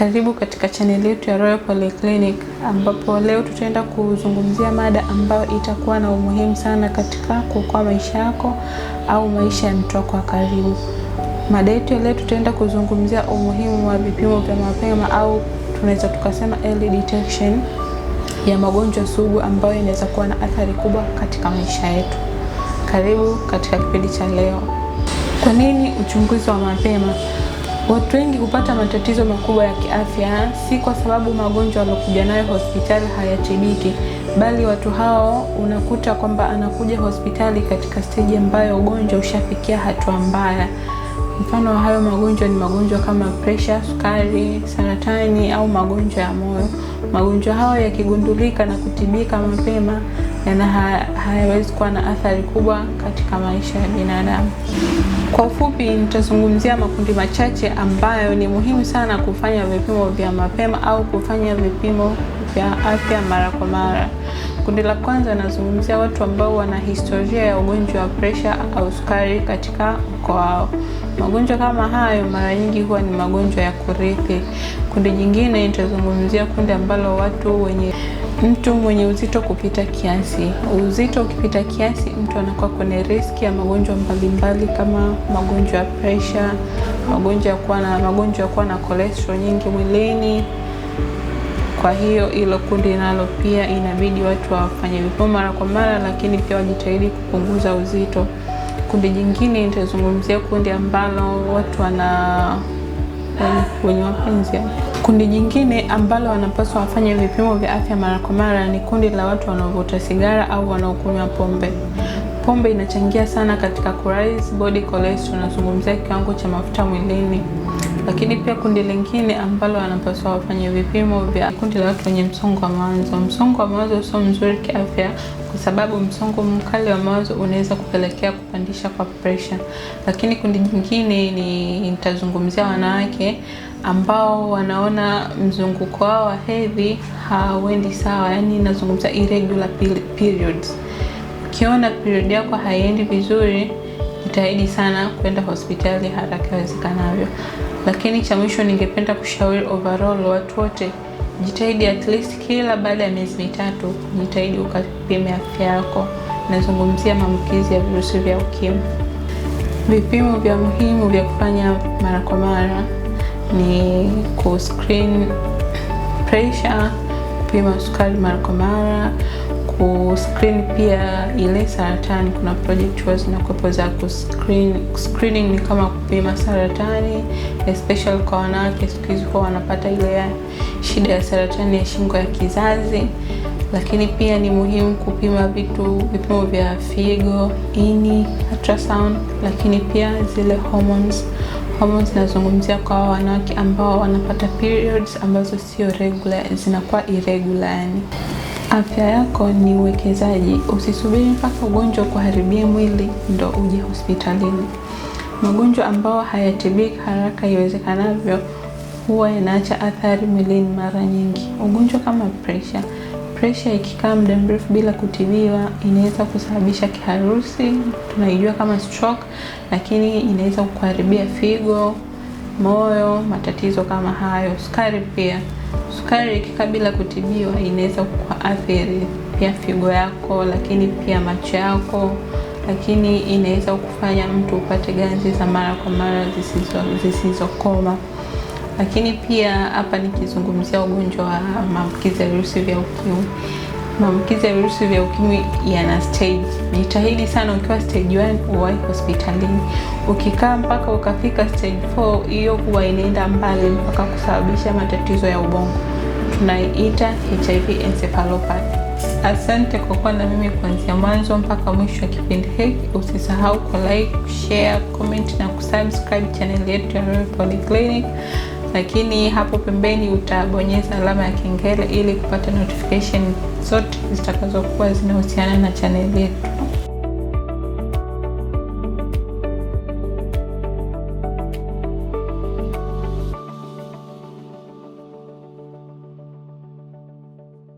Karibu katika chaneli yetu ya Royal Polyclinic ambapo leo tutaenda kuzungumzia mada ambayo itakuwa na umuhimu sana katika kuokoa maisha yako au maisha ya mtu wako wa karibu. Mada yetu ya leo tutaenda kuzungumzia umuhimu wa vipimo vya mapema au tunaweza tukasema early detection ya magonjwa sugu ambayo inaweza kuwa na athari kubwa katika maisha yetu. Karibu katika kipindi cha leo. Kwa nini uchunguzi wa mapema? Watu wengi hupata matatizo makubwa ya kiafya si kwa sababu magonjwa waliokuja nayo hospitali hayatibiki, bali watu hao unakuta kwamba anakuja hospitali katika steji ambayo ugonjwa ushafikia hatua mbaya. Mfano hayo magonjwa ni magonjwa kama presha, sukari, saratani au magonjwa ya moyo. Magonjwa hayo yakigundulika na kutibika mapema yana hayawezi kuwa na athari kubwa katika maisha ya binadamu. Kwa ufupi, nitazungumzia makundi machache ambayo ni muhimu sana kufanya vipimo vya mapema au kufanya vipimo vya afya mara kwa mara. Kundi la kwanza linazungumzia watu ambao wana historia ya ugonjwa wa presha au sukari katika mkoa wao. Magonjwa kama hayo mara nyingi huwa ni magonjwa ya kurithi. Kundi jingine itazungumzia kundi ambalo watu wenye mtu mwenye uzito kupita kiasi. Uzito ukipita kiasi, mtu anakuwa kwenye riski ya magonjwa mbalimbali kama magonjwa ya presha, magonjwa ya kuwa na magonjwa ya kuwa na cholesterol nyingi mwilini. Kwa hiyo hilo kundi nalo pia inabidi watu wafanye vipimo mara kwa mara, lakini pia wajitahidi kupunguza uzito. Kundi jingine nitazungumzia kundi ambalo watu wana wenye mapenzi. Kundi jingine ambalo wanapaswa wafanye vipimo vya afya mara kwa mara ni kundi la watu wanaovuta sigara au wanaokunywa pombe. Pombe inachangia sana katika ku body cholesterol, nazungumzia kiwango cha mafuta mwilini. Lakini pia kundi lingine ambalo wanapaswa wafanye vipimo vya kundi la watu wenye msongo wa mawazo. Msongo wa mawazo sio mzuri kiafya, kwa sababu msongo mkali wa mawazo unaweza kupelekea kupandisha kwa presha. Lakini kundi jingine ni nitazungumzia wanawake ambao wanaona mzunguko wao wa hedhi hauendi sawa, yani nazungumza irregular periods. Ukiona period yako haiendi vizuri, jitahidi sana kwenda hospitali haraka iwezekanavyo. Lakini cha mwisho, ningependa kushauri overall watu wote, jitahidi at least kila baada ya miezi mitatu jitahidi ukapime afya yako. Nazungumzia maambukizi ya virusi vya ukimwi. Vipimo vya muhimu vya kufanya mara kwa mara ni kuscreen pressure, kupima sukari mara kwa mara kuscreen pia ile saratani. Kuna project huwa zinakuwepo za kuscreen. Screening ni kama kupima saratani, especially kwa wanawake siku hizi kwa wanapata ile ya shida ya saratani ya shingo ya kizazi, lakini pia ni muhimu kupima vitu vipimo vya figo, ini, ultrasound, lakini pia zile hormones hormones zinazungumzia kwa wanawake ambao wanapata periods ambazo sio regular, zinakuwa irregular yani. Afya yako ni uwekezaji. Usisubiri mpaka ugonjwa kuharibia mwili ndo uje hospitalini. Magonjwa ambayo hayatibiki haraka iwezekanavyo huwa yanaacha athari mwilini mara nyingi. Ugonjwa kama presha, presha ikikaa muda mrefu bila kutibiwa inaweza kusababisha kiharusi, tunaijua kama stroke, lakini inaweza kuharibia figo moyo, matatizo kama hayo. Sukari pia, sukari ikikaa bila kutibiwa inaweza kuathiri pia figo yako, lakini pia macho yako, lakini inaweza kufanya mtu upate ganzi za mara kwa mara zisizokoma zisizo lakini pia hapa nikizungumzia ugonjwa wa maambukizi ya virusi vya UKIMWI maambukizi ya virusi vya ukimwi yana stage. Jitahidi sana ukiwa stage 1 uwahi hospitalini. Ukikaa mpaka ukafika stage 4, hiyo huwa inaenda mbali mpaka kusababisha matatizo ya ubongo, tunaiita HIV encephalopathy. Asante kwa kuwa na mimi kuanzia mwanzo mpaka mwisho wa kipindi hiki. Usisahau ku like, share, comment na kusubscribe chaneli yetu ya Royal Polyclinic lakini hapo pembeni utabonyeza alama ya kengele ili kupata notification zote zitakazokuwa zinahusiana na chaneli yetu.